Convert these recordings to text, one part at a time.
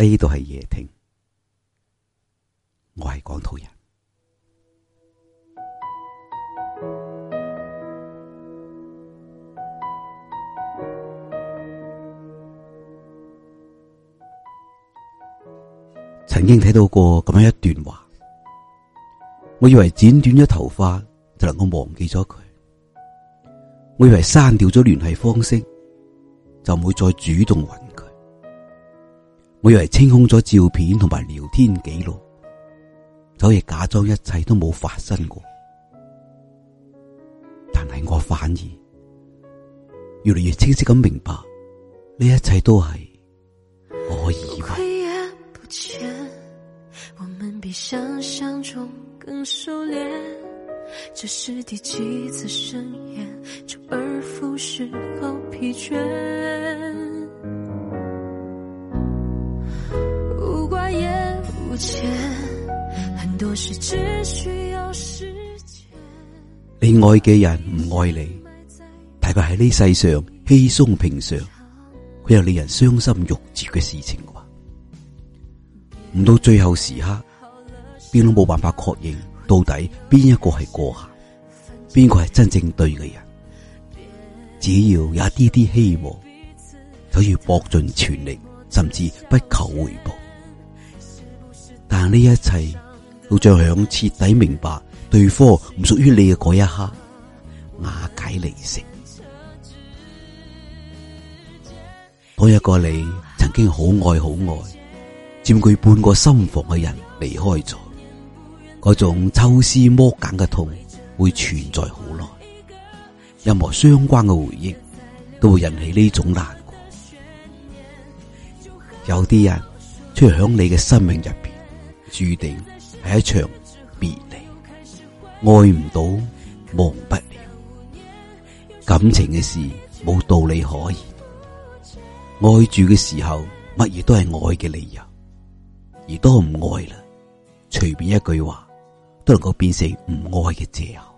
呢度係夜聽，我係廣土人。曾經睇到過咁樣一段話，我以為剪短咗頭髮就能夠忘記咗佢，我以為刪掉咗聯繫方式就唔會再主動揾。我以為清空咗照片同埋聊天記錄，就可以假裝一切都冇發生過。但係我反而越嚟越清晰咁明白，呢一切都係我以為。這是第幾次你愛嘅人唔愛你，大概喺呢世上稀鬆平常。佢又令人傷心欲絕嘅事情，唔到最後時刻，邊都冇辦法確認到底邊一個係過客，邊個係真正對嘅人。只要有一啲啲希望，就要搏盡全力，甚至不求回報。但呢一切，都像響徹底明白對方唔屬於你嘅嗰一刻瓦解離成。當一個你曾經好愛好愛、佔據半個心房嘅人離開咗，嗰種抽絲剝繭嘅痛會存在好耐，任何相關嘅回憶都會引起呢種難過。有啲人出現響你嘅生命入邊。注定係一場別離，愛唔到，忘不了。感情嘅事冇道理可言，愛住嘅時候，乜嘢都係愛嘅理由；而都唔愛啦，隨便一句話都能夠變成唔愛嘅借口。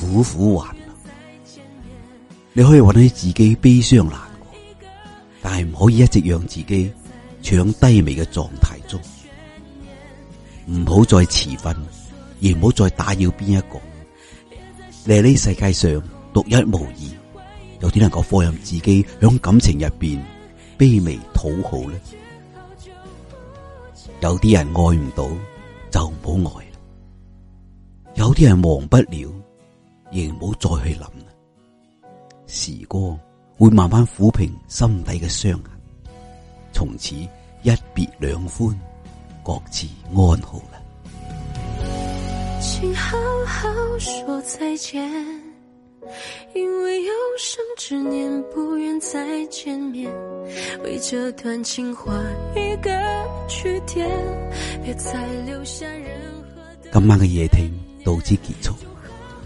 苦苦挽留，你可以揾啲自己悲傷難過，但係唔可以一直讓自己搶低微嘅狀態中，唔好再遲瞓，而唔好再打擾邊一個。你喺呢世界上獨一無二，又點能夠放任自己響感情入面卑微討好呢？有啲人愛唔到就唔好愛，有啲人忘不了。亦唔好再去諗，時光會慢慢撫平心底嘅傷痕，從此一別兩寬，各自安好啦。今晚嘅夜聽到此結束。